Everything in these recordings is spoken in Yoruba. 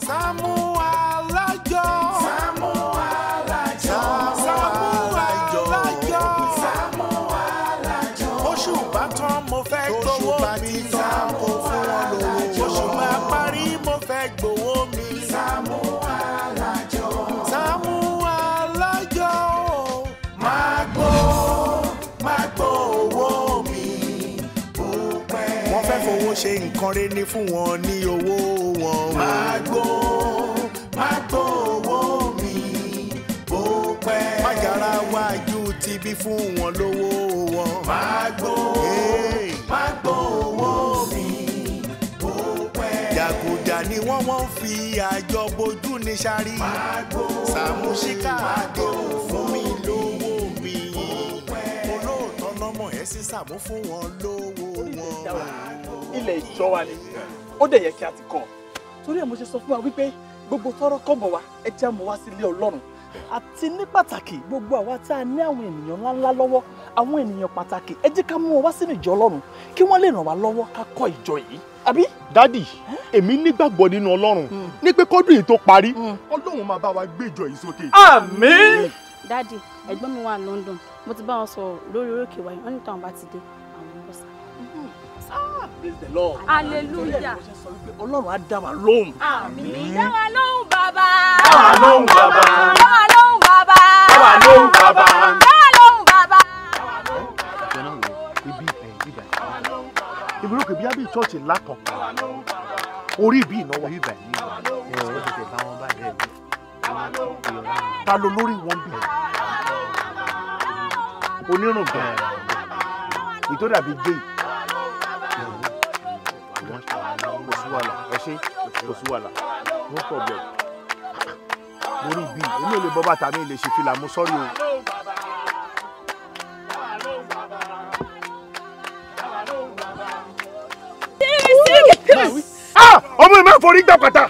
Samu kọ́ré ní fún wọn ní owó wọn. Magbo Magbo owó mi bó pẹ́. Májàra wájú ti bí fún wọn lówó wọn. Magbo Magbo owó mi bó pẹ́. Jàgùjà ni wọ́n wọ́n fi àjọ bojú ní sáré. Magbo Sàmúsíkà àdéhùn fún mi lówó mi. Olóòótọ́ lọ́mọ ẹ̀ sísàmú fún wọn lówó wọn ilẹ̀ ìjọ wa ni ó dẹ̀ yẹ kí a ti kọ́ torí ẹ̀ mo ṣe sọ fún wa wípé gbogbo tọ́rọ́ kọ́bọ̀ wa ẹ jẹ́ àmọ́ wá sílé Ọlọ́run àti ní pàtàkì gbogbo àwa tá a ní àwọn ènìyàn ńláńlá lọ́wọ́ àwọn ènìyàn pàtàkì ẹ jẹ́ ká mú wọn wá sínú ìjọ Ọlọ́run kí wọ́n lè ràn wá lọ́wọ́ ká kọ́ ìjọ yìí àbí. dádì èmi nígbàgbọ́ nínú Ọlọ́run hmm. ní pé kọ́dún yìí tó parí hmm. Ọlọ́run máa bá wa gbé ìjọ yìí sókè. dádì ẹ̀gbọ́n mi wà London mo ti bá wọn sọ̀rọ̀ lórí orókè wáyé wọ́n ní táwọn bá ti dé hallelujah. ọlọ́run á dá wa lóhùn. dá wa lóhùn bàbá. dá wa lóhùn bàbá. dá wa lóhùn bàbá. dá wa lóhùn bàbá. dá wa lóhùn bàbá. ibi ìbẹ̀ ìbúrò kò bí ìtọ́sí ńlá orí ibi ìnáwó. ibà ní ìwà ẹ̀rọ ìdè báwọn bá dẹ̀ mí. ta ló lórí wọn bí. onírùngbọ̀n ìtọ́dàbí géè. wàhálà ẹ ṣe kò sí wàhálà no problem mo rí bíi èmi ò lè bọ́ bàtà mi lè ṣe fìlà mo sọ́rí o. Ah! ọmọ ìmọ̀ àforí gbà pàtà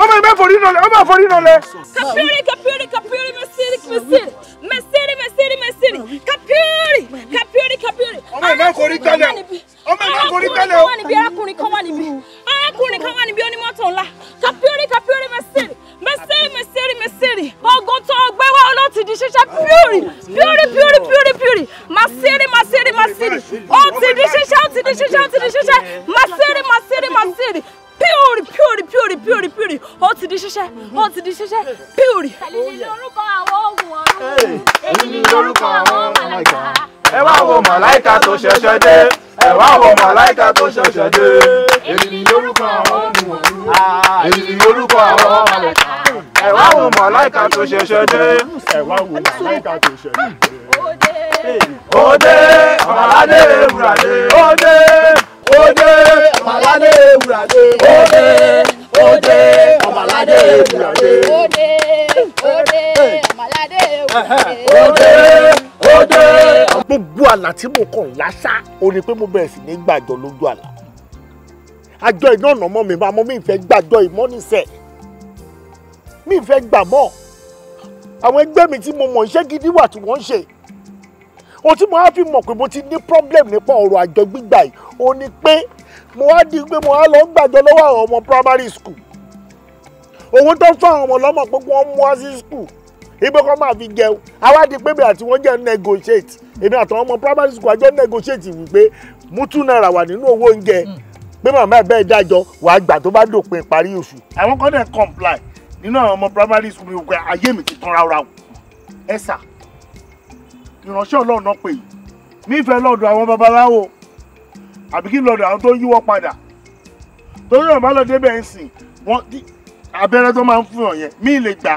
ọmọ ìmọ̀ àforí nọlẹ̀ ọmọ àforí nọlẹ̀. kapiri kapiri kapiri mesiri mesiri mesiri mesiri mesiri kapiri kapiri kapiri. ọmọ ìmọ̀ àforí gbà pàtà ọmọ ẹ̀ka kò rí tẹ́lẹ̀ o. arákùnrin kan wà níbi arákùnrin kan wà níbi onímọ́tò ńlá kapiori kapiori mẹsẹ̀rì mẹsẹ̀rì mẹsẹ̀rì mẹsẹ̀rì ogun tó gbé wá olóòtú di ṣiṣẹ́ piori piori piori piori piori masiri masiri masiri ó ti di ṣiṣẹ́ ó ti di ṣiṣẹ́ ó ti di ṣiṣẹ́ masiri masiri masiri piori piori piori piori piori ó ti di ṣiṣẹ́ ó ti di ṣiṣẹ́ piori. èyí ni orúkọ àwọn oògùn ọ̀run èyí ni orúkọ àwọn màláìka. ẹ wá wo màláìka tó ṣẹ̀ṣẹ̀ dé ẹ̀wá àwọn màláìka tó ṣẹ̀ṣẹ̀ dé. èyí ni orúkọ àwọn ọmọ òru. Ah, èyí ni orúkọ àwọn ọmọ màláìka. ẹ̀wá àwọn màláìka tó ṣẹ̀ṣẹ̀ dé. ẹ̀wá àwọn màláìka tó ṣẹ̀ṣẹ̀ dé. òde ọ̀làdé ewúrade. òde òde ọ̀làdé ewúrade. òde òde ọ̀làdé ewúrade. òde òde ọ̀làdé ewúrade. òde tó dé. gbogbo àlá tí mo kàn láṣá o ní pé mo bẹ̀rẹ̀ sí ní gbàjọ lójú àlá àjọ iná ọ̀nà mọ́ mi máa mọ́ mi ìfẹ́ gbàjọ ìmọ́nisẹ̀ mi ìfẹ́ gbà mọ́ àwọn ẹgbẹ́ mi tí mo mọ̀ iṣẹ́ gidi wà tí wọ́n ń ṣe ohun tí mo á fi mọ̀ pé mo ti ní problem nípa ọ̀rọ̀ àjọ gbígbà yìí o ní pé mo wá di pé mo wá lọ gbàjọ lọ́wọ́ àwọn ọmọ primary school owó tó fún àwọn ọmọ lọ́mọ pé wọ́n mú wá sí school ibo kan máa fi jẹun awádìí pé bẹ́ẹ̀ àti wọ́n jẹ́ negotiate èmi àtàwọn ọmọ primary school àjọ negotiate wípé mútú náírà wà nínú owó oúnjẹ hmm. pé màmá ẹ̀ bẹ́ẹ̀ dájọ́ wàá gbà tó bá dòpin parí oṣù. àwọn kan náà comply nínú àwọn ọmọ primary school mi wípé ayé mi ti tán rárá o ẹ sà ìránṣẹ́ ọlọ́run náà pè yìí nífẹ̀ẹ́ lọ́dọ̀ àwọn babaláwo àbí kí lọ́dọ̀ àwọn tó ń yíwọ́ padà torí ọ̀bá lọ débẹ̀ ń sìn wọ́n abẹ́rẹ́ tó máa ń fún ọ̀yẹn mí lè gbà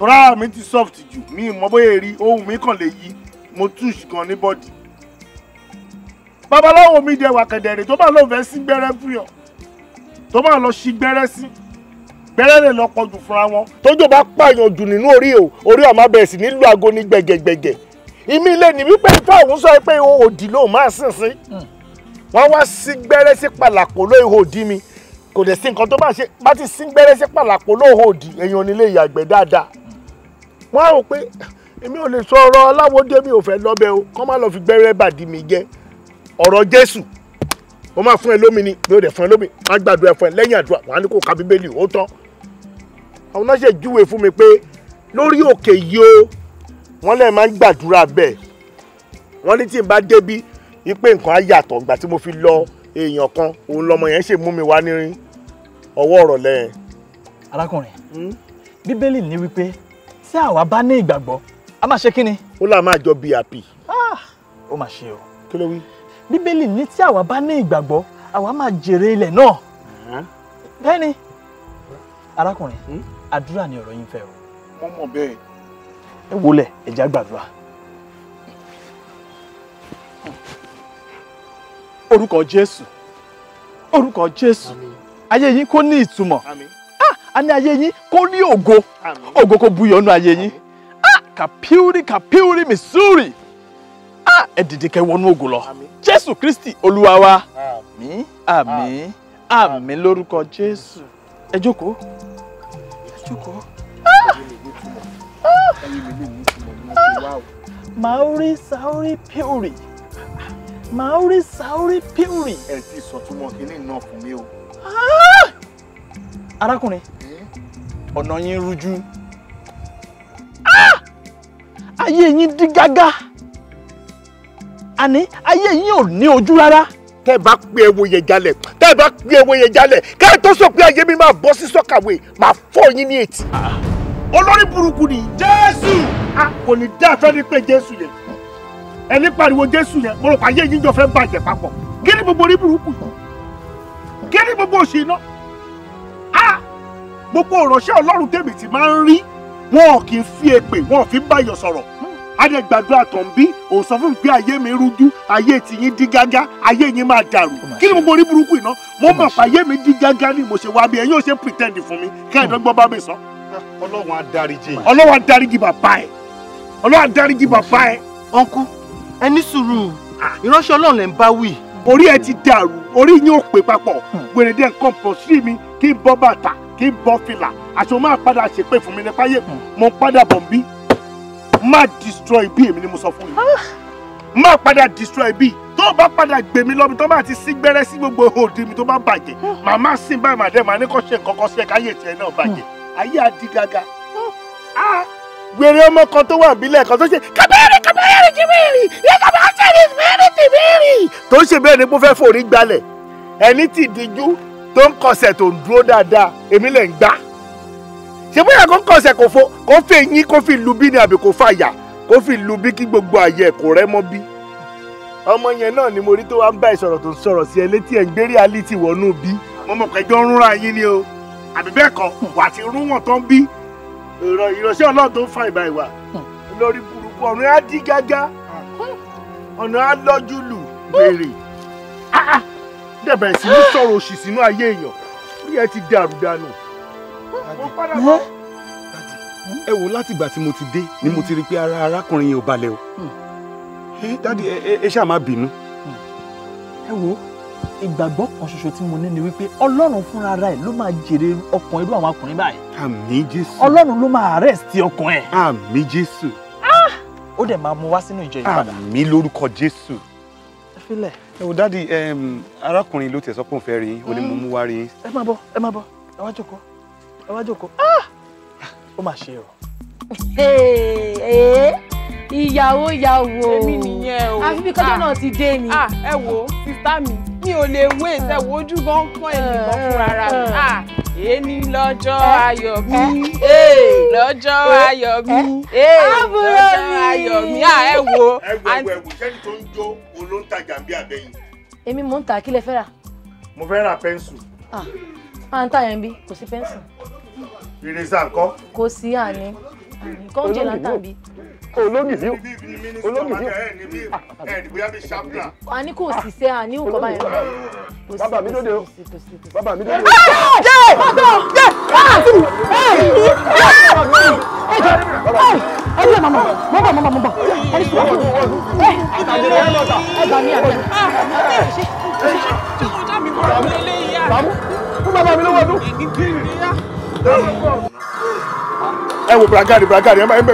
tọ́ra mi ti soft jù mi mọ bóyá èrí ohun mi kàn lè yí mo touch gan ní bọ́dì. babaláwo mi dẹ̀ wà kẹ̀dẹ̀rẹ̀ lo máa lọ fẹ́ sí gbẹ́rẹ́ fún yàn lo máa lọ sí gbẹ́rẹ́ sí gbẹ́rẹ́ lè lọ pọ̀jù fúnra wọn. tójò bá pààyàn jù nínú orí o orí si máa bẹ̀rẹ̀ sí nílùú aago ní gbẹ̀gẹ̀gbẹ̀gẹ̀ ìmí ilé ní wípé fáwọn sọ o òdì ló máa sìn sí hmm. wọn wá sí gbẹ́rẹ́ sí pàlàpọ̀ ló ihò dí mi kò dẹ̀ sí nǹkan tó bá ṣe bá ti sí gbẹ́rẹ́ sí pàlàpọ̀ ló ihò dí èèyàn nílé ìyàgbẹ́ dáadáa wọ́n á rò pé èmi ò lè sọ ọ̀rọ̀ aláwọ̀dé mi ò fẹ́ lọ́bẹ̀ o kọ́ má lọ fi gbẹ́rẹ́ bàdí mi jẹ́ ọ̀rọ̀ jésù mo máa fún ẹ lómi ni mi ò dẹ̀ fún ẹ lómi má gbàdúrà fún ẹ lẹ́yìn àdúrà wà á ní kó ka bíbélì ó tán àwọn náà ṣe júwe fún mi pé lórí òkè yìí o wọ́n lẹ́ẹ̀ máa ń gbàdúrà bẹ́ẹ̀ wọ́n ní tí n bá débí wípé nǹkan á yàtọ̀ ìgbà tí mo fi lọ èèyàn kan òun lọmọ yẹn ṣe mú mi wá ní ọwọ́ ọ̀rọ̀ lẹ́yìn. arákùnrin hmm? bíbélì ní wípé tí àwa bá ní ìgbàgbọ́ a máa ṣe kí ni. ó là máa jọ bíi ah, ó mà ṣe o. kí ló wí. bíbélì ní tí àwa bá ní ìgbàgbọ́ àwa máa jèrè ilẹ̀ náà. bẹ́ẹ̀ni. ni arákùnrin hmm? àdúrà ni ọ̀rọ̀ yín fẹ́ o. wọ́n mọ̀ bẹ́ẹ̀. ẹ wọlé ẹ gbàdúrà. orúkọ jésù orúkọ jésù ayé yín kó ní ìtumọ̀. Àmín. àní ayé yín kó rí ògo ògo kó buyọ̀ nínú ayé yín ah kàpíúrí kàpíúrí missouri ah ẹ dìde kẹ́ wọnú ògo lọ jésù kristi olúwa wa àmín àmín àmín lórúkọ jésù ẹ jókòó ẹ jókòó ah! Ah! maori saori piuri maori saori piuri. ẹ ti sọ túmọ̀ kínní náà fún mi o. Ah! arákùnrin hmm? ọ̀nà yín rújú ah! ayé yín dí gágá àní ayé yín ò ní ojú rárá. tẹ́ ẹ bá pé ewo yẹn jalẹ̀ tẹ́ ẹ bá pé ewo yẹn jalẹ̀ ká ẹ tó sọ pé ayé mi máa bọ́ sí sọ́kàwé máa fọ́ yín ní etí. Ah. olórí burúkú ni jésù ah, kò ní dá fẹ́ ní pé jésù yẹn ẹni pariwo jésù yẹn mo rò pé ayé yín jọ fẹ́ bàjẹ́ papọ̀ kí ni gbogbo orí burúkú yìí kí ni gbogbo òṣì náà gbogbo ìránṣẹ́ ọlọ́run tèmi ti máa ń rí wọn kì í fi èpè wọn fi ń báyọ̀ sọ̀rọ̀ adẹ́gbàdúrà tó ń bí òun sọ fún mi pé ayé mi rújú ayé tìyín dí gágá ayé yín máa dàrú kí ni mo borí burúkú iná mo mọ̀ pé ayé mi dí gágá ni mo ṣe wá bí ẹ̀yin ò ṣe pretend fún mi kẹ́hìndọ́gbọ́n bá mi sọ. ọlọ́run adáríjì ọlọ́run adáríjì bàbá ẹ̀ ọlọ́run adáríjì bàbá ẹ̀. ọ̀nkú ẹni sùúrù ìránṣẹ́ ọlọ́run lẹ́ ń bá wí. orí ẹ ti dàrú orí yín ò pé papọ̀ hmm. wèrèdè nǹkan pọ̀ sí mi kí kì í bọ́ fìlà àṣọ máa padà ṣépè fún mi nípa yẹ̀kùn mo ń padà bọ̀ nbí má destroy bí èmi ni mo sọ fún yìí ah! má padà destroy bí tó o bá padà gbé mi lọ́bi tó bá ti sí gbẹ́rẹ́ sí gbogbo òde mi tó bá bàjẹ́ ah! màmá sì báyìí màdé màá ní kò ṣe nǹkan kan sí ẹ káyé tiẹ̀ náà bàjẹ́ ah! ayé àdígágá wèrè ọmọ kan tó wà bílẹ̀ kan tó ṣe kàbẹ́rì kàbẹ́rì jìbìrì yẹ kàbẹ́rì jìbìrì tó ṣe bẹ́ẹ̀ ni mo fẹ́ forí gbalẹ̀ ẹni tí ìdíjú tó ń kọsẹ̀ tó ń dúró dáadáa èmi lè ń gbá ṣé bóyá kó ń kọsẹ̀ kò fo kó fi eyín kó fi lu bí ni àbí kó fàyà kó fi lu bí kí gbogbo àyẹ̀ kò rẹ́ mọ́ bí. ọmọ yẹn náà ni mo rí tó wá ń bá ìsọ̀rọ̀ tó ń sọ̀rọ̀ sí ẹ létí ẹ̀ ń gbé reality wọnú bí. mo mọ̀ pé ń rúnra yín ni o àbí bẹ́ẹ̀ kọ́ wà ti rún wọn tó bí. ìrọ̀ṣẹ́ ọlọ́run tó ń fa ìbá ìwà lórí burúkú ọ̀run á dí gágá ọ̀nà á lọ́jú lù gbèrè dẹ̀ bẹ̀rẹ̀ sí ní sọ̀rọ̀ òṣì sínú ayé èèyàn orí ẹ ti dàrú dànù. ẹ wo látìgbà tí mo ti dé ni mo ti rí i pé ara arákùnrin yẹn ò balẹ̀ o hmm. dádì ẹ ṣáà má bínú. Hmm. ẹ wo ìgbàgbọ́ kan ṣoṣo tí mo ní ni wípé ọlọ́run fúnra rẹ̀ ló máa jèrè ọkàn irú àwọn ọkùnrin báyìí. àmín jésù. ọlọ́run ló máa arrest ọkàn ẹ̀. àmín jésù. ó dẹ̀ máa mú wá sínú ìjọ ìpadà. àmín lórúkọ jésù filẹ̀. ẹ wò dáàdi arákùnrin ló tiẹ̀ sọ pé òun fẹ́ rí yín ní mú wá rí ẹ máa bọ̀ ẹ máa bọ̀ ẹ wá jókòó ẹ wá jókòó ah! ó mà ṣe o. Eh? ìyàwó ìyàwó èmi nìyẹn o àfi bí kọjá náà ti dé ni. Ah, ẹ wo sísá mi mi ò lè wé ìtẹ̀wójú gan kán ènìyàn fúnra mi. Ah! èmi lọ́jọ́ ayọ̀ mi lọ́jọ́ ayọ̀ mi lọ́jọ́ ayọ̀ mi à ẹ wo. ẹ wo ẹ wo sẹ́ni tó ń jó olóńtajà bí abẹ́yìn. èmi mò ń ta kí lẹ fẹ́ rà. mo fẹ́ ra pẹ́ńsù. à ń tà yẹn bí kò sí pẹ́ńsù. ìrẹsà ńkọ́. kò sí àní àní kọ́ńjẹ ń tà bí o o ológìdí ológìdí. Ah, ah, ah. a ní kò sì sẹ́ a ní nǹkan báyìí. bàbá mi dóde o bàbá mi dóde o. jẹ́ ẹ̀ jẹ́ ẹ̀ ẹ̀ ẹ̀ ẹ bí ẹ mama mo bọ mama mo bọ ẹ ní sùúrù ẹ ẹ gbà mí àgbẹ ẹ ṣe ṣe ṣe ọjà mi kọ́ ọ́ mi lé yá. bàbá mi ló wọ́n dún ẹ wo bragadi bragadi ẹ má ẹ má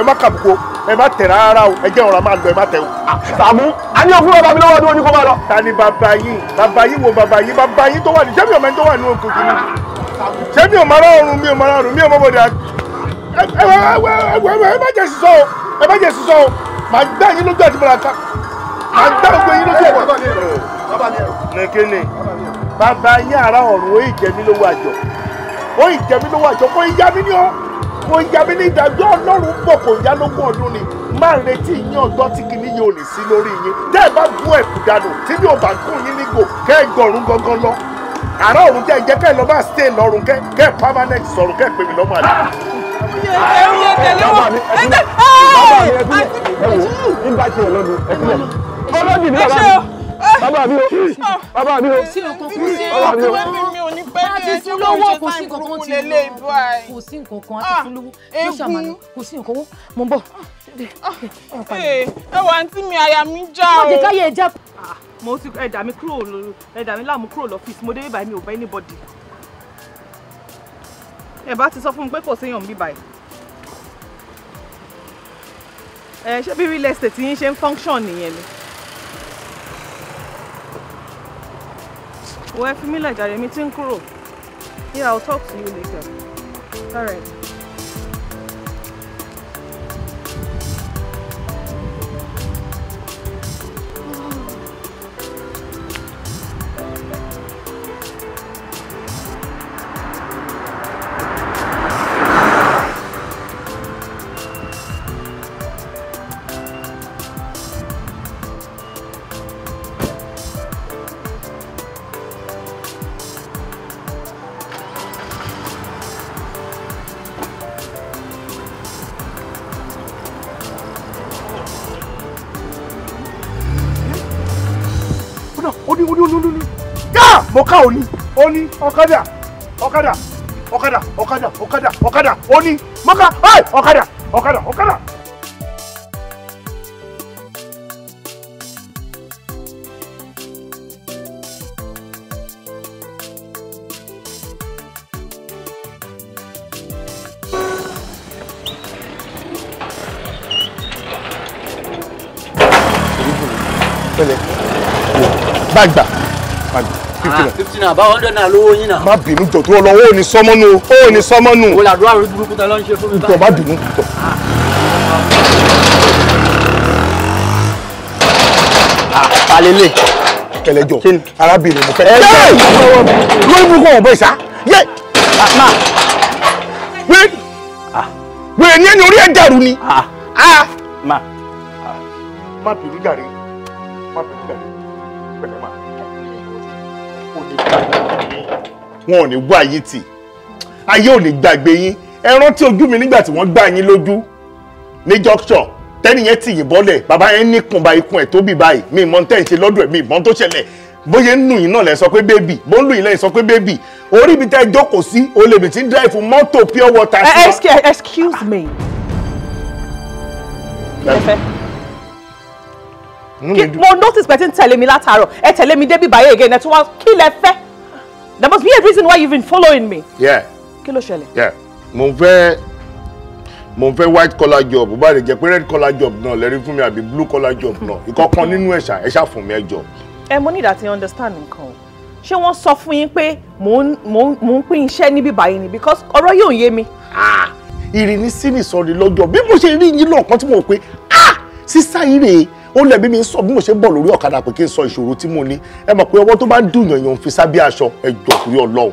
ẹ má kàbùkù ẹ má tẹ̀ rárá o ẹ jẹ́ ọ̀rọ̀ máa lọ ẹ má tẹ̀ o. Ah, Sàámú a ní òfúrò bàbá mi lọ́wọ́ ọdún oníkó máa lọ. ta ni bàbá yìí bàbá yìí wo bàbá yìí bàbá yìí tó wà ní jẹ́mi ọ̀mọ ẹni tó wà ní òkè kìíní jẹ́mi ọ̀mọ ọlọ́run mi ọmọ ọlọ́run mi ọmọ bòde ẹ má jẹ sísọ o ẹ má jẹ sísọ o màá gbá yín lójú àti mọ̀lá ká màá gbá ògbé yín lójú ọ̀wọ̀ nìkéne bàbá yín ara ọ̀run ó ì jẹ́ mi lówó àjọ ó ì jẹ́ mi lówó àjọ kó yá mi ní ọ́ kò yá mi ní ìdájọ́ ọlọ́run pọ̀ kò yá lógún ọdún ni má retí yín ọjọ́ tí kìíní yìí ò sí lórí yín tẹ́ ẹ bá gún ẹ̀kú dànù tí bí bá gún yín nígò kẹ́ ẹ gọ̀rún gangan lọ àárọ̀ òrùn tẹ́ ẹ kẹ́ ẹ lọ́ bá stay lọ́rùn kẹ́ kẹ́ ẹ permanent sọ̀rùn kẹ́ ẹ pè mí lọ́mọ àlè. ẹ̀rù ẹ̀tẹ̀lé wọn ẹ̀tẹ̀ ẹ̀ẹ́ àti ìgbà tí ò lọ́dún ẹ̀kúnlẹ̀ ọlọ́dún ní bàbá mi bàbá mi o bàbá mi o bàbá mi o láti fún lówó kò sí nǹkan kan ti lọ ah, kò sí nǹkan kan àti fún lówó ló ṣàmàlà kò sí nǹkan owó mo ń bọ̀. Ah, eh, ẹ wà àǹtí mi àyà mi já o. wọ́n ti káyé ẹja. Ah, mo ti ẹ̀dà mi kúrò ẹ̀dà mi láàmú kúrò lọ́fíìsì mo dé bíbáyìí mi ò bá anybody. ẹ bá ti sọ fún mi pé kò séèyàn bíbáyìí. ẹ ṣé bí real estate yín ṣe ń function nìyẹn ni. Well, familiar, Jeremy, Yeah, I'll talk to you later. All right. ọ̀ká òní òní ọ̀kadà ọ̀kadà ọ̀kadà ọ̀kadà ọ̀kadà ọ̀kadà òní mọ́ká ọ̀kadà ọ̀kadà ọ̀kadà. gbàgbà fifty naira. Ah. fifty naira báwo hundred naira lówó yín náà. má bínú jọ tó ọ lọ́wọ́ ò ní sọ́mọ́nù ó ní sọ́mọ́nù. wọ́n làdúrà rẹ burúkú ta ló ń ṣe fún mi báyìí. jọ má bínú jọ. àlele. kẹlẹjọ arábìnrin mo fẹ́. ẹ ẹ lórí burúkú ọ̀hún bẹ́ẹ̀ sá. wẹ́ẹ̀ ah, wẹ́ẹ̀ ah. ní ẹni orí ẹ̀ dàrú ni. Ma bínú jàre Ma bínú jàre. wọn ò ní wá yín tì ayé ò ní gbàgbé yín ẹ rántí ojú mi nígbà tí wọ́n gbá yín lójú ní junction tẹ́nìyẹn tì yín bọ́lẹ̀ bàbá yẹn ní kùnba ikùn ẹ̀ tóbi báyìí mi ìmọ̀ tẹ́ ń ṣe lọ́dọ̀ ẹ̀ mi ìmọ̀ tó ṣẹlẹ̀ bóyá ń nù yín náà lẹ sọ pé bébì bó ń lù yín lẹ́yìn sọ pé bébì orí ibi tẹ́ ẹ jókòó sí olèbì tí ń dráìfù mọ́tò pure water. Eh, excuse, excuse me. mo notice pé ń tẹ̀lé mi látàárọ̀ ẹ tẹ̀lé mi débi báyé again ẹ tún wá kí lẹ fẹ́. There must be a reason why you've been following me. Yeah. Kilo ló Yeah. Mo fẹ́ mo fẹ́ white collar job bó bá lè jẹ́ pé red collar job náà lẹ́rí fún mi àbí blue collar job náà ìkọ̀kan nínú ẹ̀ṣà ẹ̀ṣà fún mi ẹ jọ. Ẹ mo need you understand nǹkan o. Ṣé wọ́n sọ fún yín pé mò ń pín iṣẹ́ níbí báyìí ni because ọ̀rọ̀ yóò yé mi. Ìrìnnì sí nìsọ̀rí lọ́jọ́ bí mo ṣe rí yín lọ́ọ̀kan tí mo pé ah sister yìí ó lẹ̀mí mi sọ bí mo ṣe bọ̀ lórí ọ̀kadà pé kí n sọ ìṣòro tí mo ní ẹ mọ̀ pé ọwọ́ tó bá ń dùn yàn fi sábẹ́ aṣọ ẹ jọ torí ọlọ́run.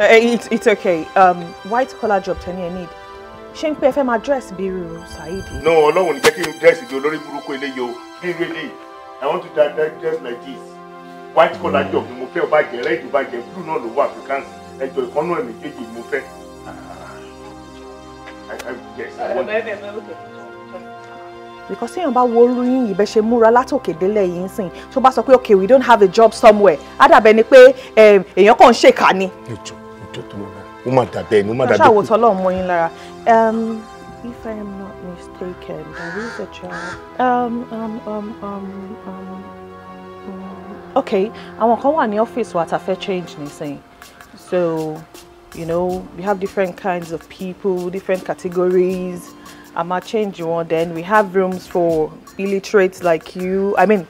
Eh, eh, it's okay um, white collar job tẹ́ni ẹ need ṣé ń pẹ́ fẹ́ máa dress bí irú Saheed. no ọlọ́run ní jẹ́ kí n dress di olórí burúkú eléyìí o bí irú i want to die dress like this white collar job ni mo fẹ́ ọba jẹ red ọba jẹ blue náà ló wà africans ẹjọ ìkọ́nú ẹ̀mí kéjì ni mo fẹ́. Ah, yes i because téèyàn bá wo orú yín yìí bẹ́ ṣe múra látòkè délẹ̀ yìí ń sìn tó okay we don't have a job somewhere á dàbẹ́ ni pé èèyàn kàn ń ṣèkà ni. ìjọ ìjọ tó lọ ó má dàbẹ́ ni ó má dàbẹ́. ṣáà wòtọ́ lọ́ọ̀ mọ Lara. Um, if I am not mistaken there is a job. Um, um, um, um, um, um. okay I want come ní ọ́fíìsì wa tá fẹ́ change nísìnyí so you know we have different kinds of people different categories. I'ma a change one. Then we have rooms for illiterate like you. I mean,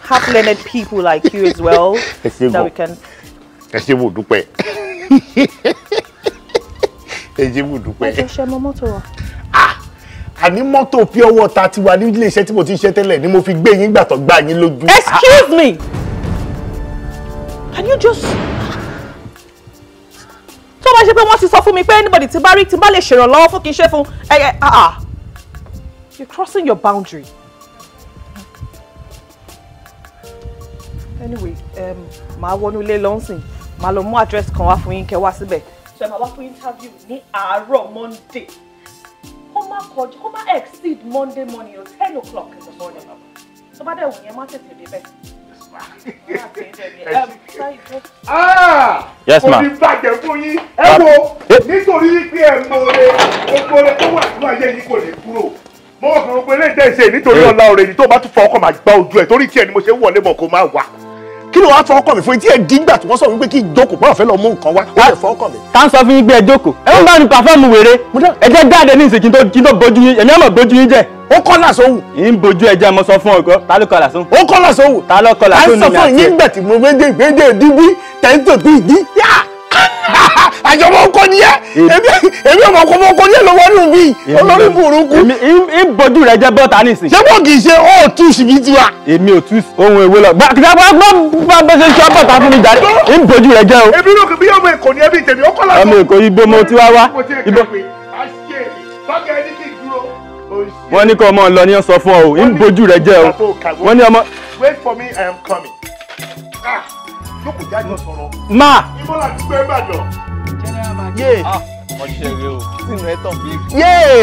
half learned people like you as well. that we can. Ejibu dúpẹ́. Ẹ ṣe mọ mọ́tò wa. Ah! Àní mọ́tò pure water ti wà ní iléeṣẹ́ tí mo ti ń ṣe ni mo fi gbé yín gbàtọ̀ gbà yín lójú. Excuse me! Can you just ṣe pé wọ́n ti sọ fún mi pé anybody ti bá rí ti bá lè ṣèrànlọ́wọ́ fún kì í ṣe fún ẹ ẹ ah ah you're crossing your boundary. anyway um, màá wọnú ilé lọ́nsìn màá lọ mú address kan wá fún yín kẹ́ wá síbẹ̀. ṣe màá wá fún interview ní àárọ̀ monday kó má kọjú kó má exceed monday morning o ten o'clock in the morning. tó bá dẹ̀ wù yẹn má tètè débẹ̀. Ah! yes ma. òní bàjẹ́ fún yín ẹ wo eh. nítorí pé ẹ mọ̀ọ́rẹ́ ọgbọ́rẹ́ tó wà nínú ayé yìí kò lè kúrò mo kàn ń pe lè dẹ́ nítorí ọ̀la eh. ọ̀rẹ́ ni tó bá tún fọ ọkọ̀ máa gba ojú ẹ̀ torí tiẹ̀ ni mo ṣe ń wọlé mọ̀ kó máa wà kí ló wá fọ ọkọ mi fún etí ẹ dígbà tí wọn sọ wípé kí ìjókòó bọ́ọ̀ fẹ́ lọ mú nǹkan wá ó fọ ọkọ mi. tá n sọ fún yín pé ẹ jókòó ẹ ń bá mi pàfọ́ọ̀mù wèrè ẹ jẹ́ dáadé ní ìsìn kí n tó bójú yín ẹ̀mí ọ̀mọ̀ bójú yín jẹ́ ó kọ́ làsóhùn. ń bojú ẹja mo sọ fún ọkọ ta ló kọ làsóhùn. ó kọ́ làsóhùn. ta ló kọ làsóhùn nínú àti ẹ. à ń sọ fún yín gbẹ̀tì mo méje méje dídí tẹ̀ǹtò tó ìdí. àjọmọ ọkọ ni ẹ èmi ọmọ ọkọ ọkọ ni ẹ ló wọnú mi olórí burúkú. ń bojú rẹ jẹ bọ́ta nísìn. ṣé wọn kì í ṣe ó tú síbi tiwa. èmi ò tú ohun èwe lọ. gbàgbọ́ bá bá ṣe ṣọ́ bọ̀tà fún mi jàre ń bojú rẹ jẹ o. èmi ló kì í bí ọmọ èkó ni ẹbí tèmi ọkọ làsóhùn. ọmọ èkó ibo mo ti wá wá ibo. bákẹ́ ẹni wọ́n ní kọ́ ọmọ lọ ní sọ fún ọ ń bójú rẹ jẹ́ o wọ́n ní ọmọ. wait for me i am coming. ah jáde náà sọ̀rọ̀. ma. ìmọ̀lá ti gbé ìbàdàn. general manager. ah o sínú ẹ̀ tán. yéè.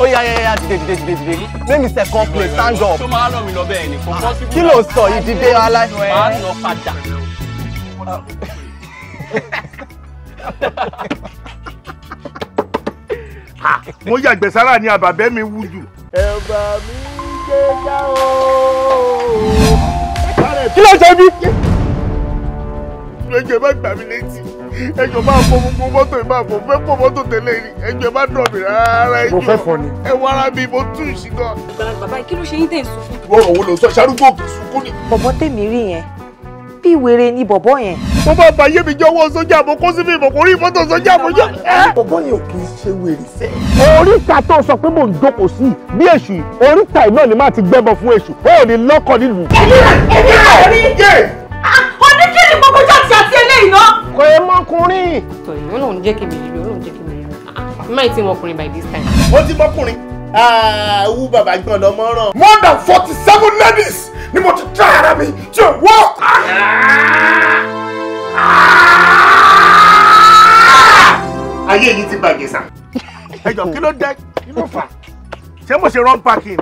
ó yá yá yá dìde dìde dìde dìde make me step up please stand up. tó máa ràn mí lọ bẹ́ẹ̀ ni ah, kí ló sọ yìí dìde aláìsàn. máa ń lọ padà. Ah. mo yàgbẹ́ sára ni àbàbẹ́ mi wú jù. ẹ̀bà mi gbé ká o. kí ló ṣe bí. ẹjọ́ bá gbà mí létí ẹjọ́ bá fọ gbogbo mọ́tò ìbá fọ fẹ́ fọ mọ́tò tẹ́lẹ̀ ni ẹjọ́ bá dùn mí rárá ẹjọ́. mo fẹ́ fọ ni. ẹ wá ara mi mo tú ìṣìná. bàbá kí ló ṣe yín dé ìsúfún. wọ́n rọ̀ wọ́n lọ sọ ṣàrúgbó òkè sunkún ni. bọ̀bọ̀ tèmi rí yẹn bí wèrè ni bọ̀bọ̀ yẹn. mo bá ba yé mi jẹ́ owó sójà mo kó síbi ìmọ̀kò rí ìmọ̀tò sójà mo jọ. bọ̀bọ̀ yẹn ò kì í ṣe wèrè sẹ́. oríta tó sọ pé mò ń jókòó sí bí èṣù oríta iná ni máa ti gbẹ́bọ fún èṣù ó ò ní lọ́kọ̀ nílùú. èmi rà èmi rà orí. oníkìlì gbogbo jáde àti eléyìí náà. kò é mọkùnrin. ọlọ́run jẹ́ kí mi jẹ́ kí ah, ah, mi rí by this time. mo ti mọkùnrin. àwù ah, bàbá gbọ́n lọ mọ́ràn. more than forty seven ladies ni mo ti tẹ ara mi tí o wọ́. ayé yìí ti bàjẹ́ sà. ẹ jọ kí ló dé kí ló fà ṣé mo ṣe wrong parking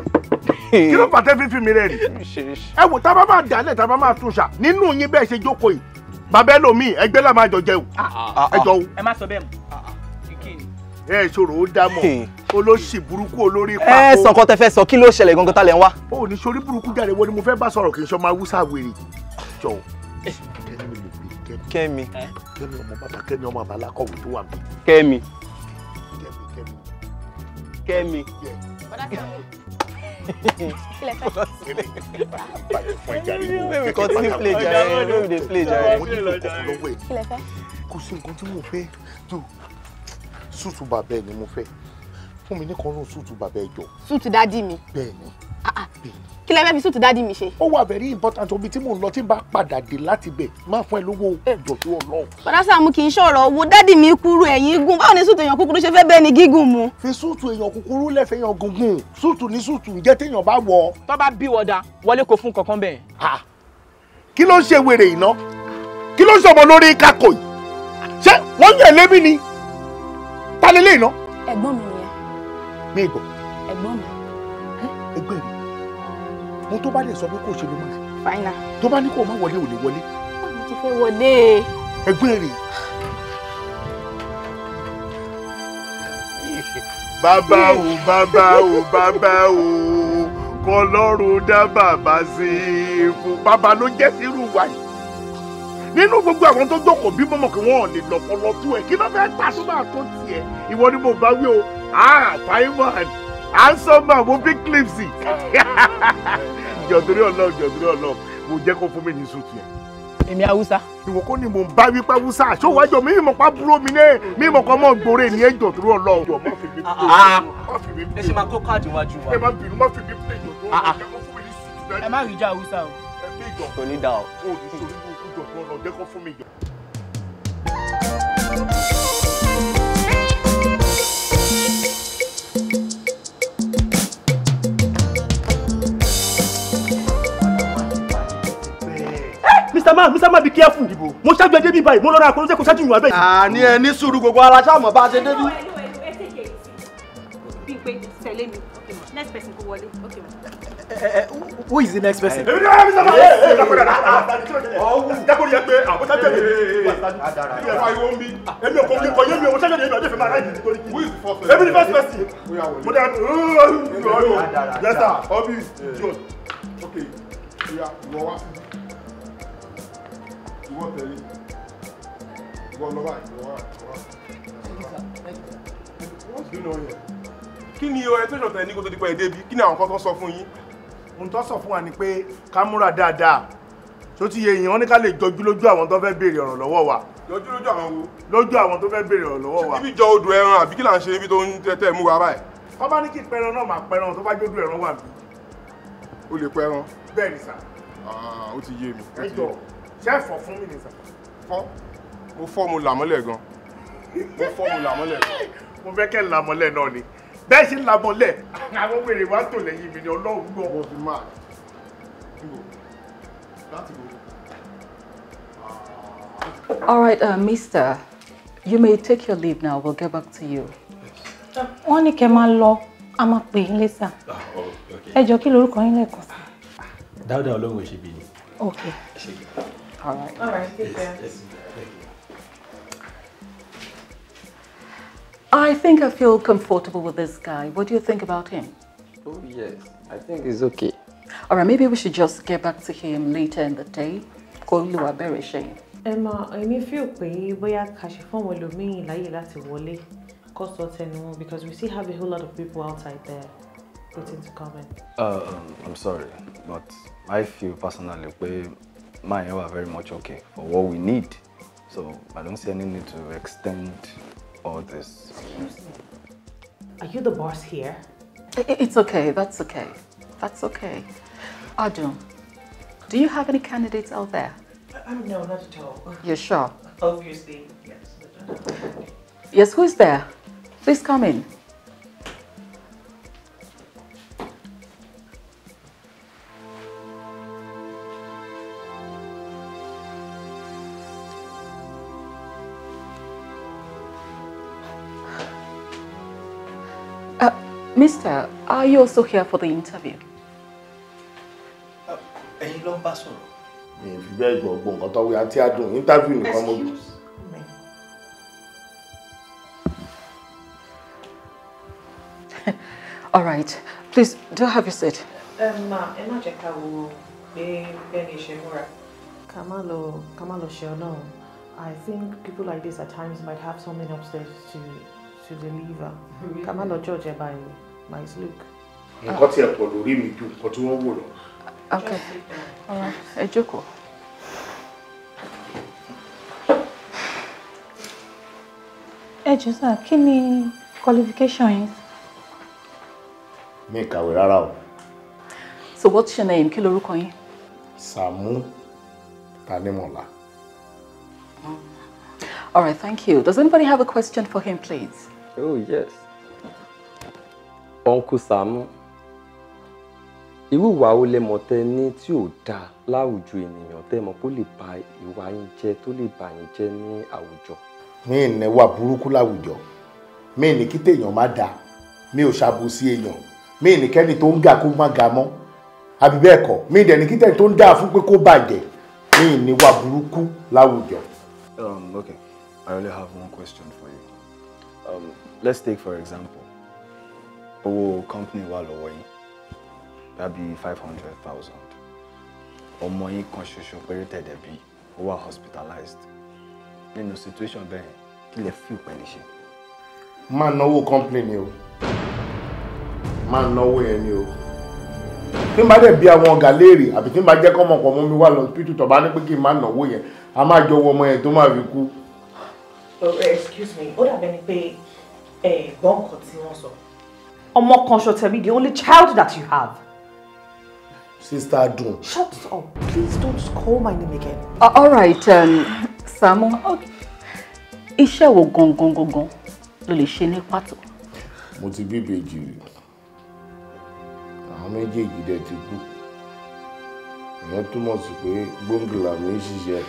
kí ló fà tẹ́ fífi mi rẹ̀ rí. ẹ wò tábà máa dálẹ̀ tábà máa tún ṣà nínú yín bẹ́ẹ̀ ṣe jókòó yìí bàbá ẹlòmíì ẹgbẹ́ làmájọ jẹun ah, ah, ẹjọ o. Ah. ẹ má sọ bẹ́ẹ̀ mọ́ ẹ ṣòro ó dá mọ hmm. olóṣì burúkú olórí pa. ẹ sọ nǹkan tẹ fẹ́ sọ kí ló ṣẹlẹ̀ gangan tá lẹ ń wá. o ní sori burúkú jáde wọ ni mo fẹ́ bá sọ̀rọ̀ kì í ṣe ọmọ awúsá wèrè jọ. kẹ́mi kẹ́mi ọmọ bàbá kẹ́mi ọmọ àbálá kọ̀wé tó wà mí. kẹ́mi kẹ́mi. kẹ́mi. kò sí nǹkan tí mo fẹ́ tó súùtù bàbá ẹ ni mo fẹ́ fún mi ní kan lóun súùtù bàbá ẹ jọ. súùtù dádì mi. bẹ́ẹ̀ni ah, ah. kí lẹ́fẹ̀ẹ́ fi súùtù dádì mi ṣe. ó wà very important omi tí mò ń lọ tí n bá padà dé láti bẹ̀ máa fún ẹ lówó ẹ̀jọ̀ eh. tó lọ. padà Sàámú kì í ṣọ̀rọ̀ owó dádì mi kúrú ẹ̀yìn gún báwo ni súùtù èèyàn kúkúrú ṣe fẹ́ bẹ́ẹ̀ ni gígùn mu. fi súùtù èèyàn kúkúrú lẹ́fẹ̀ẹ́ èèyàn gungun súùtù ní súùtù ǹjẹ́ téèyàn bá wọ. tó bá bí wọdà wọlé kò fún kankan bẹ́ẹ̀. kí ló ń ṣe wèrè ìná kí ló ń ṣọmọ lórí kakò yìí ṣé wọ́n yàn lébi ni ta ni lè ná. ẹ̀gbọ́n mi nìyẹn. mi gbọ́. ẹ̀gbọ́n mi. ẹgbẹ́ mi mo tó bá lè sọ pé kò ṣe ló mọ̀ náà. fàyínà. tó bá ní kó o má wọlé ò wọlé. mo ti fẹ́ wọlé. ẹgbẹ́ rẹ̀. bàbá o bàbá o bàbá o kọlọ́run dá bàbá sí i fún bàbá ló jẹ́ sírù wáyé nínú gbogbo àwọn tó jókòó bí mọ̀mọ́ kí wọ́n lè lọ́pọ̀lọ́ tú ẹ̀ kí ló fẹ́ tà sọ́mọ́ àtó tiẹ̀ ìwọ ni mo bá wí o ah fireman handsome man mo bí clips jọ̀dúrí ọlọ́ọ̀ jọ̀dúrí ọlọ́ọ̀ mo jẹ́ kó fún mi ní sùn tiẹ̀ èmi awúsá. ìwọ kọ́ ni mò ń bá wípé awúsá àṣọ wájọ mi ìmọ̀ pa búrò mi náà mi ìmọ̀ kan mọ̀ gbòòrè ní ẹjọ́ tó rọ̀ lọ. ẹ ṣe máa kó káàdì wájú wa. ẹ má bínú má fi bí pé ìjọ tó rọ̀ ẹ má rí ìjà awúsá o jẹ́ kó mr man mr man be careful dìbò mo ṣáájú ẹdẹ bíi báyìí mo lọ́ra àkọlọ́sẹ̀ kò ṣáájú ìwà bẹ́ẹ̀. àní ẹ ní sùúrù gbogbo ara ṣáàmù bá a ṣe débí. bí pé tẹ̀lé mi next person kò wọlé who is the next person. èmi ni wọ́n yẹ mi sábà yẹ dàkúrẹ́ ọ̀hún dàkúrẹ́ yẹ pé àbúṣá jẹ́ mi ní ẹ̀fọ́ ayé wọn bí èmi ò kò kí kọ́ yé mi ò sẹ́jọ́ ní èmi ọ̀dẹ́fẹ̀ máa ráyè nítorí kí èmi ni first person mo dà ọ̀hún yes sir obvious jọ́s ok ìwọ wá ìwọ tẹ̀lé ìwọ lọ́wọ́ ìwọ wá what's going on here kí ni o ẹ tẹ́sán tẹ̀ ní kó tó di pẹ́ ẹ débi kí ni àwọn kan tó sọ fún yín ohun tó sọ fún wa ni pé ká múra dáadáa tó ti yẹ èèyàn ní ká lè jọjú lójú àwọn tó fẹ́ béèrè ọ̀rọ̀ lọ́wọ́ wa. jọjú lójú àwọn wo. lójú àwọn tó fẹ́ béèrè ọ̀rọ̀ lọ́wọ́ wa. ibi jọ odò ẹran àbí kí là ń ṣe ibi tó ń tẹ́tẹ́ mú wa báyìí. wọ́n bá ní kí pẹran náà máa pẹran tó bá jójú ẹran wà mí. o lè pẹran. bẹ́ẹ̀ ni sà. Ah, ó ti yé mi. ẹ jọ ṣe fọ fún mi ni sà. fọ mo fọ mo làmọ́lẹ̀ gan mo fọ mo làmọ́lẹ̀ gan. mo fẹ́ kẹ́ làmọ́lẹ̀ náà ni bẹ́ẹ̀ sì ń labọ̀ lẹ̀ àwọn wá tò lẹ́yìn mi ni ọlọ́run gbọ́. wọ́n fi máa láti bo. all right uh, mister you may take your leave now we'll get back to you. wọ́n ní kẹ́ máa lọ a máa pè é lẹ́sà ah, oh, ẹ jọ kí lorúkọ yín lẹ́ẹ̀kan sí. dáúdà olóhùn ò ṣe bí ni. okay all right. all right take Yes, yes, I think I feel comfortable with this guy. What do you think about him? Oh, yes. I think it's okay. All right, maybe we should just get back to him later in the day. Kó lù wá bẹ̀rẹ̀ ṣe. Ẹ mọ̀, èmi feel pé bóyá ká ṣe fún wọn ẹlòmíì láyè láti wọlé. Kó sọ tẹnu because we still have a whole lot of people outside there waiting to come in. Uh, um, I'm sorry, but I feel personally we my are very much okay for what we need. So I don't see any need to extend all this? Are you the boss here? It's okay, that's okay. That's okay. Arjun, do you have any candidates out there? Um, no, not at all. You're sure? Obviously, yes. Yes, who's there? Please come in. Mister, are you also here for the interview? Uh, Excuse me. All right, please do have your seat. Um, Ma'am, ẹ má jẹ́ ká wo pé bẹ́ẹ̀ni ṣe múra. Ká má lọ I think people like this at times might have something upstairs to to deliver. Kamalo, George, by judge ẹ nice look. nǹkan tí ẹ pọ̀ lórí mi ju nǹkan tí wọ́n wò lọ. okay ẹ jókòó. ẹ jọ̀ọ́ sà kí ni qualification yín. mi kàwé rárá o. so what is your name kí lorúkọ yín. Sàámú Tanímọ̀lá. All right, thank you. Does anybody have a question for him, please? Oh, yes uncle Sàámú irú ìwà mọ̀ tẹ́ ní tí ò dáa láwùjọ ènìyàn tẹ́ mọ̀ kó lè ba ìwà yín jẹ́ tó lè bà yín jẹ́ ní àwùjọ. mi ì nẹ́wà burúkú láwùjọ mi ì ní kí téèyàn má dáa mi ò ṣàbòsí èèyàn mi ì ní kẹ́ni tó ń ga kó má ga mọ́ àbí bẹ́ẹ̀ kọ́ mi ì dẹ̀ ní kí tẹ̀ni tó ń dáa fún pé kó bàjẹ́ mi ì níwà burúkú láwùjọ. Um, okay, I only have one question for you. Um, let's take for example owó company wà lọ́wọ́ yín tàbí five hundred thousand ọmọ yín kan ṣoṣo péré tẹ̀dẹ̀ bí ó wà hospitalized nínú situation bẹ́ẹ̀ kí lè fi ìpẹ́lẹ̀ ṣe. máa náwó company ni o máa náwó yẹn ni o tí n bá dẹ̀ bí àwọn ọ̀gá léèrè àbí tí n bá jẹ́ kọ́ ọmọ ọ̀pọ̀ mọ́ mi wá lọ pítù tọ̀ bá ní pé kí n má náwó yẹn a máa jọ wọ ọmọ yẹn tó máa fi kú. Oh, excuse me ó dàbẹ́ ni pé ẹ̀gbọ́n eh, kan tí wọ́n sọ ọmọ kan ṣo tẹ̀mí the only child that you have. Sister Dun. Shut up. Please don't call my name again. Uh, all right, um, Samu. Iṣẹ́ wo gangan gangan ló lè ṣe ní pàtó? Mo ti bí ìbejì rí. Àwọn méjèèjì dẹ̀ ti kú. Ìyẹn túmọ̀ sí pé gbóngìlà mi ń ṣiṣẹ́.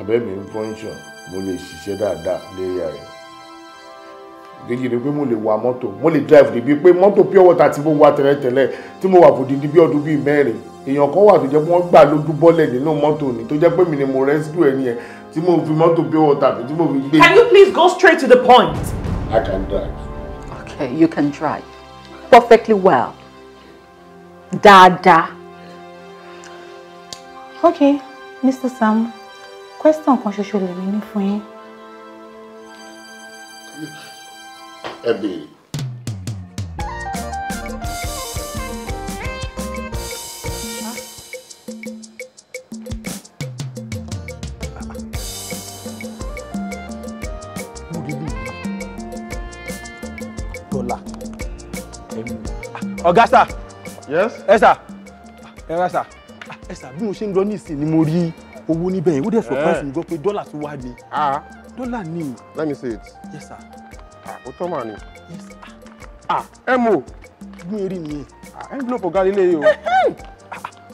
Abẹ́ mi ń pọ́ńṣọ̀n. Mo lè ṣiṣẹ́ kejì ni pé mo lè wa mọ́tò mo lè drive débi pé mọ́tò pure water tí mo wa tẹ́lẹ̀tẹ́lẹ̀ tí mo wà fòdìdí bí ọdún bíi mẹ́rin èèyàn kan wà tó jẹ́ pé wọ́n gbà lójú bọ́lẹ̀ nínú mọ́tò ni tó jẹ́ pé mi ni mo rescue ẹni yẹn tí mo fi mọ́tò pure water tí mo fi gbé. Can you please go straight to the point? I can drive. Okay, you can drive perfectly well. Dáadáa. Okay, Mr. Sam, question kan ṣoṣo lèmi ní fún yín ẹ béèrè. ọ̀gá sà. yes. ẹ sà ẹ rà sà ẹ sà bí mo ṣe ń lọ nísìn ni mo rí owó níbẹ̀ yẹn ó dẹ̀ surprise eh. mi gbọ́ pé dọ́là tó wá ni. Ah. dọ́là ni. let me see it. yes sir ó tọ́ mà ah mo. gbé eré nìyẹn. envelope ọ̀gá lílé yìí o.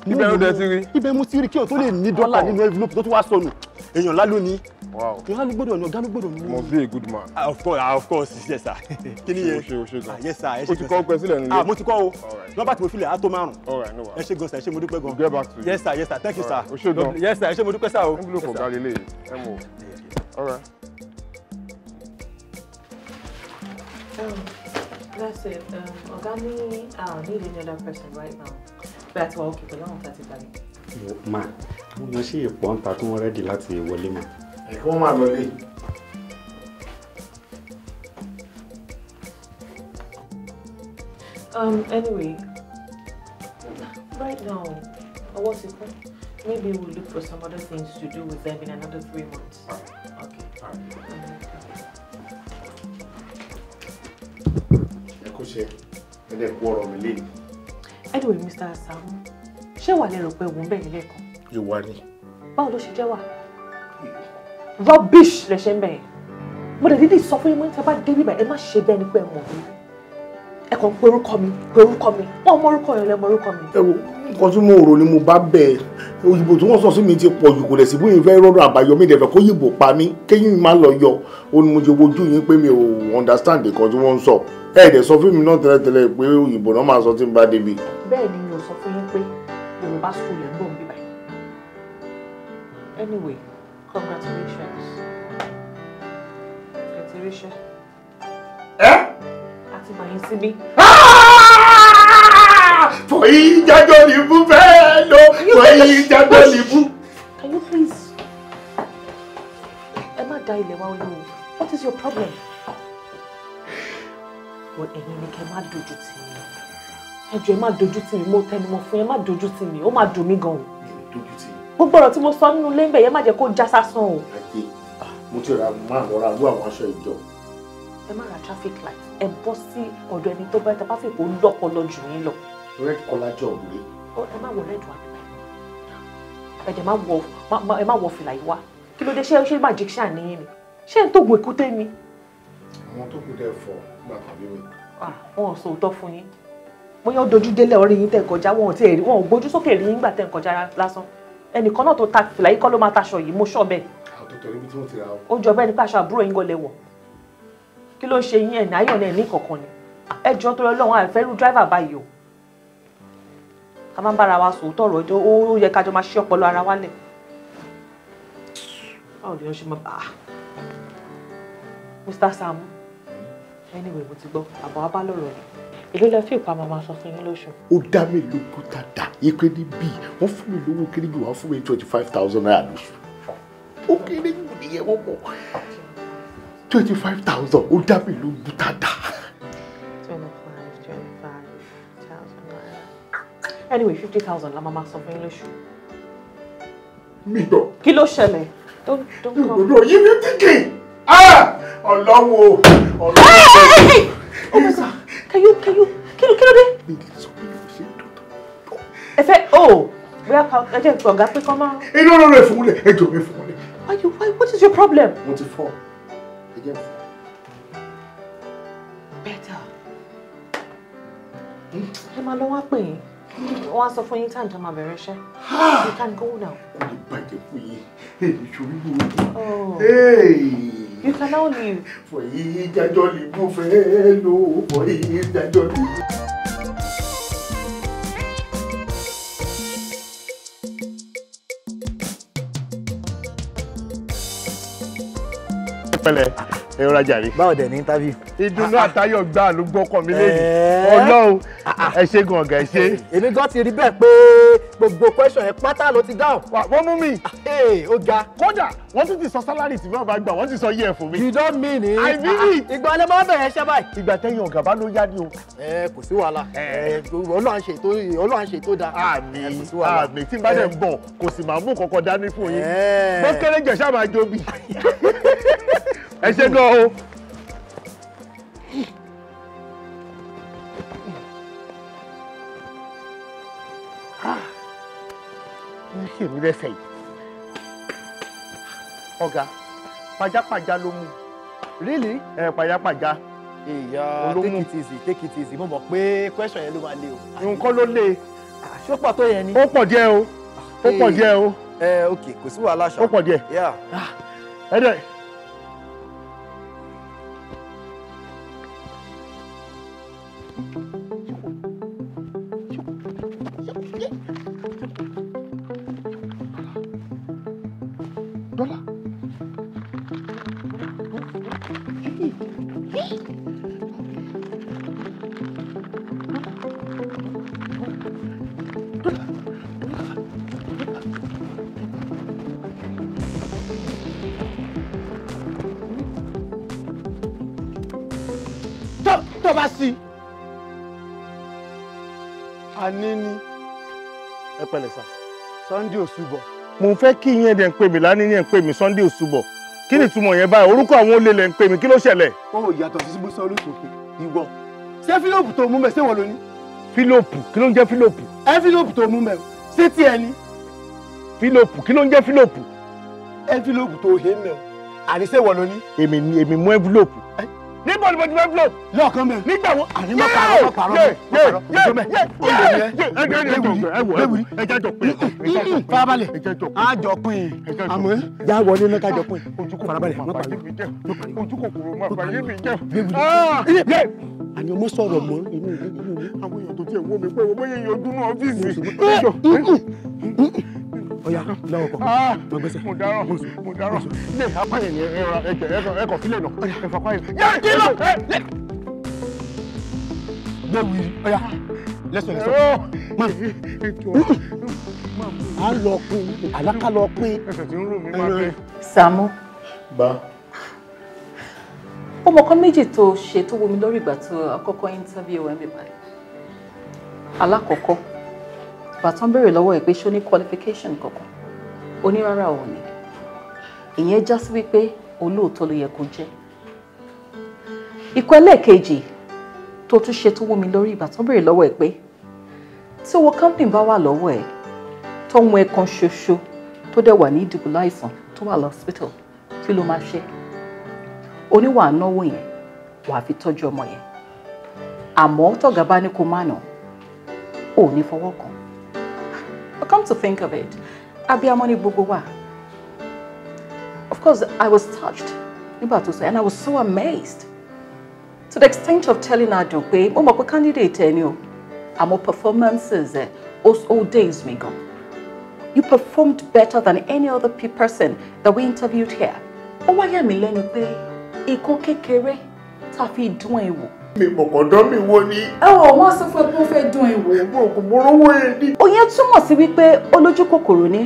ibẹ̀ eh, eh. ló dé sí rí. ibẹ̀ mo ti rí kí o tó lè ní dọ́là nínú envelope tó tún wá sọnù èèyàn ńlá lónìí. wow èèyàn ńlá gbọ́dọ̀ ní ọ̀gá ló gbọ́dọ̀ ní. must be a good man. Ah, of course ah, of course yes sir. kí ni yẹn ṣe o ṣe gan. Ah, yes sir o ti kọ́ ọpẹ sílẹ̀ nílé. mo ti kọ́ o nọ́mbà tí mo fi lẹ̀ á tó márùn. ẹ ṣe gan sir ẹ ṣe mo dúpẹ́ gan. get back to you. yes sir yes sir thank you sir. o ṣe gan. yes sir ẹ ṣe mo dúpẹ́ sir o. envelope ọ̀gá all right. Um, that's it. Um, Ogani, I don't need another other person right now. That's why okay, but now I'm 35. Ma, mo yan sí ipò ọ̀ǹta tó wọ́n rẹ́dì láti wọlé mọ́. Ẹ̀kọ́ máa lọlé. Um, anyway, right now, ọwọ́ ti kún. Maybe we'll look for some other things to do with them in another three months. Okay. okay. kúṣẹ́ ẹ dẹ̀ kú ọ̀rọ̀ mi léyìí. anyway Mr. Saamu ṣé wà lẹ́rọ pé òun bẹ̀rẹ̀ lẹ́ẹ̀kan. ìwà ni. báwo ló ṣe jẹ́ wà rubbish lẹ ṣe ń bẹ̀rẹ̀ mo dẹ̀ dídì sọ fún yín mo ń tẹ́ bá dé bíbẹ̀ ẹ má ṣe bẹ́ẹ̀ ni pé ẹ mọ̀ mí ẹ kàn pé orúkọ mi pé orúkọ mi wọn mọ orúkọ yẹn lẹ mọ orúkọ mi. ẹ wo nǹkan tí mo rò ni mo bá bẹ̀ òyìnbó tí wọ́n sọ sí mi ti pọ̀ jù kò lẹ̀ bóyá ìfẹ́ rọ́rùn àbáyọ mi dẹ̀fẹ̀ kó yìnbó pa mí kéyìn má lọ yọ ó ní mo ṣe wojú yín pé mi ò understand nǹkan tí wọ́n sọ ẹ ẹ̀ dẹ̀ sọ fún mi náà tẹ́lẹ̀tẹ́lẹ̀ pé òyìnbó náà máa sọ tí n bá débi. bẹ́ẹ̀ mi ò sọ fún yín pé yorùbá school ẹ̀ ń bọ̀ bíbá anyway congratulations Congratulations. ti ti máa yín síbí. Ah! fòyí jágbó ní bú bẹ́ẹ̀ lọ fòyí jágbó ní bú. can you please ẹ má da ilẹ̀ wa olú o what is your problem? wọ ẹ̀yin ni kẹ́ má dojú tì mí ẹ jọ̀ọ́ ẹ má dojú tì mí mo tẹnumọ́ fún ẹ má dojú tì mí ó má dùn mí gan o. gbogbo ọ̀rọ̀ tí mo sọ nínú lẹ́ńbẹ̀ yẹn má jẹ́ kó já sásán o. Ah, mo ti ra máa lọ ra lú àwọn aṣọ ìjọ. ẹ má ra traffic light ẹ bọ́ sí ọ̀dọ̀ ẹni tó bá ẹ tapá fèpò lọ́pọlọ jù yín lọ. red kọlájọ òwúrẹ. ẹ má wọ red wa nígbà yìí ẹ̀jẹ̀ ẹ má wọ fìlà yìí wá kí ló dé ṣé ṣé magician ni yín ni ṣé n tó gùn èkúté ni. àwọn tó kù dẹ fọ gbà tàbí mi. wọn ò sòótọ́ fún yín bóyá ó dojú délẹ̀ orí yín tẹ̀ kọjá wọn ò tiẹ̀ rí wọn ò gbójú sókè rí yín gbà tẹ̀ kọjá lásán ẹnìkan náà tó ta fìlà yìí kọ́ ló máa taṣọ yìí mo ṣọ́ bẹ́ẹ̀. àwọn tó tí wọ́n ti ra o. ó jọ bẹ́ẹ̀ ni pé aṣọ àbúrò yín gọlẹ̀ wọ̀ kí ló ṣe yín ẹ̀nà ayọ̀ náà ní kọ̀ọ̀kan ni ẹ tó lọ́wọ́ àwọn àìfẹ́ dráìvà báyìí o ká máa ń bára wa sòótọ́ ọ̀rọ̀ ọjọ́ ó yẹ ká jọ máa ṣí ọpọlọ ara wa lẹ̀ báwo lè ṣe máa ah! Mr. Sam anyway mo ti gbọ́ àbọ̀ wa bá lọ̀rọ̀ ni èló lẹ fi ìpamọ́ máa sọ fún yín lóṣù. ó dá mi lóko dáadáa ipe níbí wọ́n fún mi lówó kéré jù wọ́n fún mi twenty five thousand naira lóṣù ó kéré jù nìyẹn wọ́n mọ̀ twenty five thousand ó dá mi lójú dáadáa. twenty five twenty five thousand anyway fifty thousand la máa máa san fún yín lóṣù. mi gbọ́. kí ló ṣẹlẹ̀. ìrònú yìí ní tìkì ọlọ́wọ́ ọlọ́wọ́. ọmọọba kẹyọ kẹyọ kí ló kí ló dé. mi lè sọ pé mo ṣe dùn. ẹ fẹ́ o oh, bóyá ẹ jẹ́ ọ̀gá pé kọ́ máa. inú ọ̀rọ̀ rẹ̀ fún un lẹ̀ ẹ jọ̀ rẹ̀ fún un lẹ̀. why you why what is your problem. mo ti fọ́ jẹ́ fún bẹ́tà ẹ máa lọ wá pè yín wọ́n á sọ fún yín táwọn ìjọba bẹ̀rẹ̀ you can go now. You ní bàjẹ́ fún yín èmi ṣorí gbòòrò. You can now leave. For ye, that jolly buffet, no, for ye, that jolly. Olha ẹ rọra jàre. báwo dẹ̀ ní interview. ìdùnnú ah, ah. àtayọ̀ gbà ló gbọ́kàn mi lẹ́yìn eh? ọlọ́run ah, ẹ ṣe gan ọ̀gá ẹ ṣe. èmi gan ti rí bẹ́ẹ̀ pé gbogbo question yẹn pátá ló ti dáhùn. wọ́n mú mi. Eh, ó ga. kódà wọ́n tún ti sọ sálárì tí wọ́n bá gbà wọ́n ti sọ yẹ̀ fún mi. you don't mean it. I mean it. ìgbà alẹ́ máa bẹ̀rẹ̀ ṣẹ́ báyìí. ìgbà tẹ́yìn ọ̀gá bá ló yá ni o. ẹ eh, kò sí wàhálà ọlọ́run ṣe tó ọlọ́run ṣe tó dáa. àmì àmì tí n bá dẹ̀ ń bọ̀ kò sì máa mú kọ̀kọ̀ dání fún yín. bọ́kẹ́rẹ́jẹ̀ ṣáà jóbi. ẹ ṣe gan o. ń ṣe mí lẹ́sẹ̀ yìí ọ̀gá pajápajá ló mú really ẹ pajápajá ìyá take it easy take it easy mo mọ̀ pé question yẹn ló máa le o. nǹkan ló le. Ah, ṣó pọ̀ tó yẹn ni. ó pọ̀ díẹ̀ o ó pọ̀ díẹ̀ o. ẹ eh, ok kò sí wàhálà ṣá. ó pọ̀ díẹ̀. ẹ dẹ̀. Òṣùbọ̀ mo fẹ́ kí yín ẹ̀dẹ̀ ń pè mí lánìí ní ẹ̀ ń pè mí Sunday Òṣùbọ̀ kí ni ìtumọ̀ yẹn báyìí orúkọ àwọn olè lẹ̀ ń pè mí kí ló ṣẹlẹ̀. ó yàtọ̀ sí sígbó sọ́ọ́ lóṣooṣù ìwọ ṣé fílòpù tó mú mẹ́ ṣé wọ́n ló ní. fílòpù kí ló ń jẹ́ fílòpù. ẹ fílòpù tó mú mẹ́ ṣé tiẹ̀ ni. fílòpù kí ló ń jẹ́ fílòpù. ẹ fílòpù tó hé mẹ́ àní ṣé wọ́n ló ní. èmi mú ẹ fílòpù kọ́ ni mo ti fẹ́ blow. lọ́ọ̀kan mẹ́rin nígbà wo àní má parọ́ má parọ́ má parọ́ ọjọ́ mẹ́rin ọjọ́ mẹ́rin ẹwùrí ẹjẹ́ jọ pin. farabalẹ̀ a jọ pin àmọ́ já wọlé náà ká jọ pin ah, farabalẹ̀ má parọ́. ojú kòkòrò má bàyè mi jẹ́. Ah! àní ọmọ sọ̀rọ̀ mọ́ inú ilé. àwọn èèyàn tó tiẹ̀ wọ́ mi pé wọ́n bóyá iye ọdún náà ọ́fíìsì ọ̀yà lọ́wọ́ kọ̀ ah, mọ̀ gbẹ́sẹ̀. mo dárọ̀ mo dárọ̀ lè apáyẹ̀ ní ẹ̀rọ ẹ̀jẹ̀ ẹ̀kọ̀ ẹ̀kọ̀ sílẹ̀ nà ẹ̀fọ̀ apáyẹ̀. yẹ́n kí ló gbé wuli ọ̀yà lẹ́sọ̀ lẹ́sọ̀ mọ̀ à ń lọ pin àlákà lọ pin. Sàámú. bá. ọmọ kan méjì tó ṣe tó wo mi lórí ìgbà tó àkọ́kọ́ interview ẹ̀ báyìí alákọ̀ọ́kọ́ bàtán béèrè lọ́wọ́ ẹ̀ pé ṣó ní qualification kankan onírárá ò ní ìyẹn já sí wípé olóòótọ́ ló yẹ kó jẹ́ ìkọ́ ẹlẹ́ẹ̀kejì tó tún ṣe tó wú mi lórí ìbàtán béèrè lọ́wọ́ ẹ̀ pé tí owó company bá wà lọ́wọ́ ẹ̀ tó ń wọn ẹ̀ kan ṣoṣo tó dẹ̀ wà ní ìdìbòlá àìsàn tó wà lọ́sítọ̀ kí ló máa ṣe oníwà náwó yẹn wàá fi tọ́jú ọmọ yẹn àmọ́ tọ̀gá bá ní kó má nà ó ní fọwọ́ kàn But come to think of it, abiyamọ ni Of course, I was touched tó and I was so amazed to the extent of telling Adun pé mo mọ̀ candidate you. ni o performances ẹ ó days, migo. You performed better than any other person that we interviewed here. Ó wáyà mí lẹ́nu pé ikán kékeré tá a mi mọ̀kàndán mi wo ni. ẹ wọ wọn sọ fún ẹ pé ó fẹ́ dán ẹ wò. mo kò mọ owó yẹn ni. òyìn túmọ̀ sí wípé olójú kòkòrò ni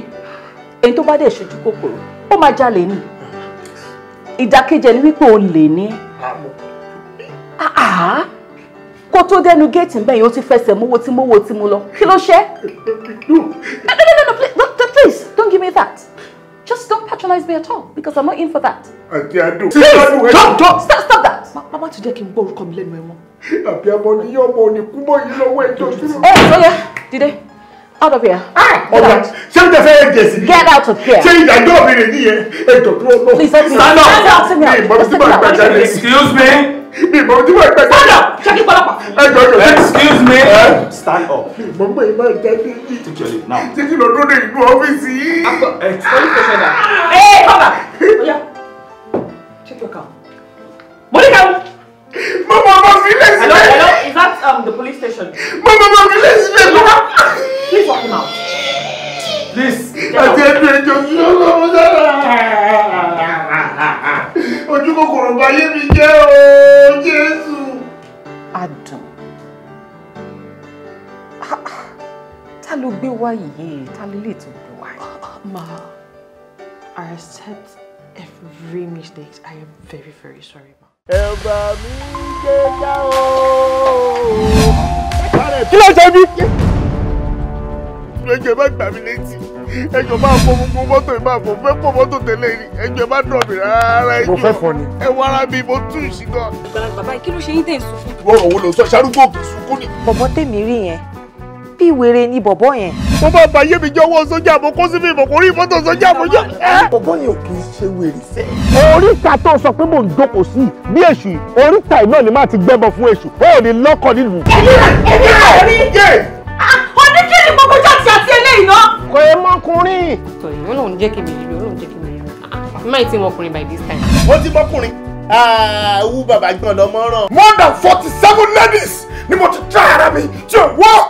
èyí tó bá dẹ̀ ṣojú kòkòrò ó máa jalè ni ìdákẹ́jẹ́ ni wípé o lè ní. Ah, ah, ah. kó tó dẹnu géètì bẹ́ẹ̀ yóò ti fẹsẹ̀ mówó tí mówó tí mo lọ kí ló ṣe. no no no no please don't give me that. Just don't patronize me at all because I'm not in for that. Àǹtí Adùn. Please stop stop that. Má má tún jẹ́ kí n gbọ́ orúkọ mi lẹ́nu ẹ̀ mọ́. Àbí amọ̀ ni yóò mọ òní kú mọ́ yìí lọ́wọ́ ẹjọ́ sí out of here. Ah, get out. Ṣé ẹ fẹ́ jẹ sí mi? Get out of here. Ṣé ìdájọ́ mi rè ní yẹn? Ètò tó lọ. Please help me. Stand up. Stand up. Mi ìbọn tí mo ń gbàjà rẹ̀. Excuse me. Mi ìbọn tí mo ń gbàjà rẹ̀. Stand up. Ṣé kí pọlọpà? Ẹ jọ jọ. Excuse me. Stand up. Mi ìbọn mọ̀ ìbọn ìjà dé. Take your leave now. Ṣé kí lọ lóde inú ọ́fíìsì yìí? Akọ ẹ̀ tí wọ́n ní kò ṣẹlẹ̀. Ẹ bàbá. Oya. Check your car. Mo ní kàwé. Mo mọ̀ mọ̀ fi lé sílẹ̀. Hello, hello, is that um, the police station? Mo mọ̀ mọ̀ fi lé sílẹ̀. Please walk him out. Please. Ojú kòkòrò báyé mi jẹ́ ooo Jésù. Adùn. Ta ló gbé wá yìí? Ta ló lè tún gbé wá Ma, I accept every mistake. I am very very sorry ma. Ẹ bá mi gbé ká Kí ló jẹ́ bí? ẹjọ ẹjọ bá gbà mí létí ẹjọ bá fọ gbogbo mọ́tò ẹ máa fọ fẹ́ fọ mọ́tò tẹ́lẹ̀ ni ẹjọ bá dùn mí rárá ẹjọ mo fẹ́ fọ ni ẹ wọ ara mi mo tú ìsì náà. bàbá kí ló ṣe yín tẹ̀ ń sunkún. wọ́n rọ̀ sọ ṣàrúgbó sunkún ni. bọ̀bọ̀ tèmi rí yẹn bí wèrè ni bọ̀bọ̀ yẹn. mo bá bàyé mi jẹ́ owó sójà mo kó sí mi mo kò rí mọ́tò sójà mo jọ. bọ̀bọ̀ yẹn ò kì í ṣe wèrè sẹ́. oríta tó sọ pé mò ń jókòó sí bí èṣù oríta náà ni máa ti gbẹ́bọ fún èṣù ó ní lọ́kọ̀ nílùú. èmi rà èmi rà èmi eléyìí náà. kò yẹ mọkùnrin. sọ ìwọ náà ń jẹ́ kí mi rí ọlọ́run jẹ́ kí mi rí máì tí mọkùnrin by this time. mo ti mọkùnrin àwù ah, bàbá gbọ́n lọ mọ́ràn. more than forty seven ladies ni mo ti try ara mi tí ò wọ́.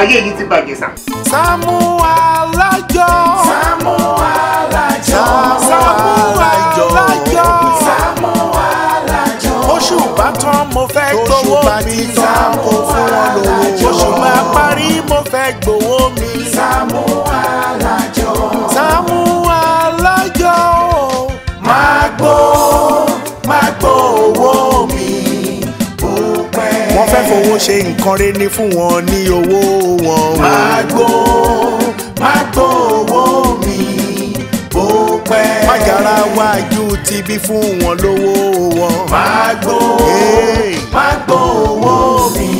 ayé yìí ti bàjẹ́ sá. Sàámú Alájọ. Sàámú Alájọ. Sàámú ṣe nǹkan rẹ ní fún wọn ní owó wọn. Magbo magbo owó mi bó pẹ́. Májàra wájú ti bí fún wọn lówó wọn. Magbo magbo owó mi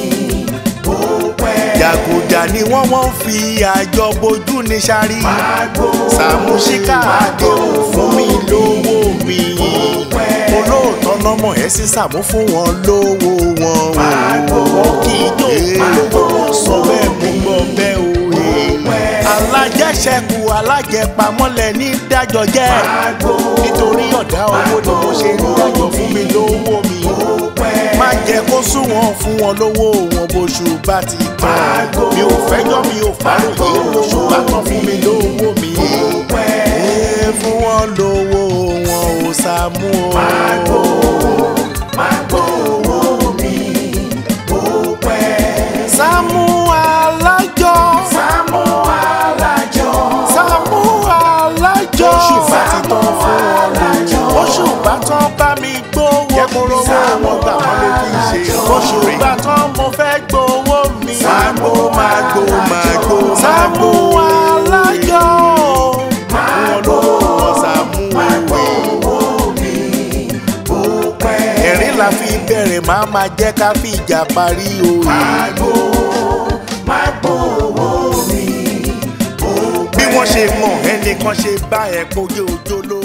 bó pẹ́. Jàgùjà ni wọ́n wọ́n fi àjọ bojú ní sáré. Magbo Sàmúsíkà àdéhùn fún mi lówó mi. Bó pẹ́. Olóòtú ọlọ́mọ ẹ̀ sì sàmú fún wọn lówó wọn o. pàgbọ́ kí ijó pàgbọ́ sọ bẹ́ẹ̀ mú gbọ́ bẹ́ẹ̀ o. alájẹṣẹ́kù alájẹpamọ́lẹ̀ ní dájọ́ jẹ́ nítorí ọ̀dá owó ni mo ṣe ń dájọ́ fún mi lówó mi o má jẹ́ kó sún wọn fún wọn lówó wọn bóṣù bá ti tán mi ò fẹ́jọ́ mi ò fàròyé oṣù bá tán fún mi lówó mi fún wọn lówó. Sàámú o. máa gbó máa mi ó pẹ́. Sàámú alájọ. Sàámú alájọ. Sàámú alájọ. oṣù bá ti tán fún ọ oṣù bá bá mi gbówó mi. kẹ́kọ̀ọ́ owó gbà wọ́n ló kí n ṣe. oṣù bá mo fẹ́ gbówó mi. Sàámú máa gbó máa gbó máa alájọ. la fi bẹ̀rẹ̀ máa ma jẹ́ ká fi ìjà parí o. Magbo Magbo owó mi. Bí wọ́n ṣe mọ̀ ẹnìkan ṣe bá ẹ̀ pògé òjò ló.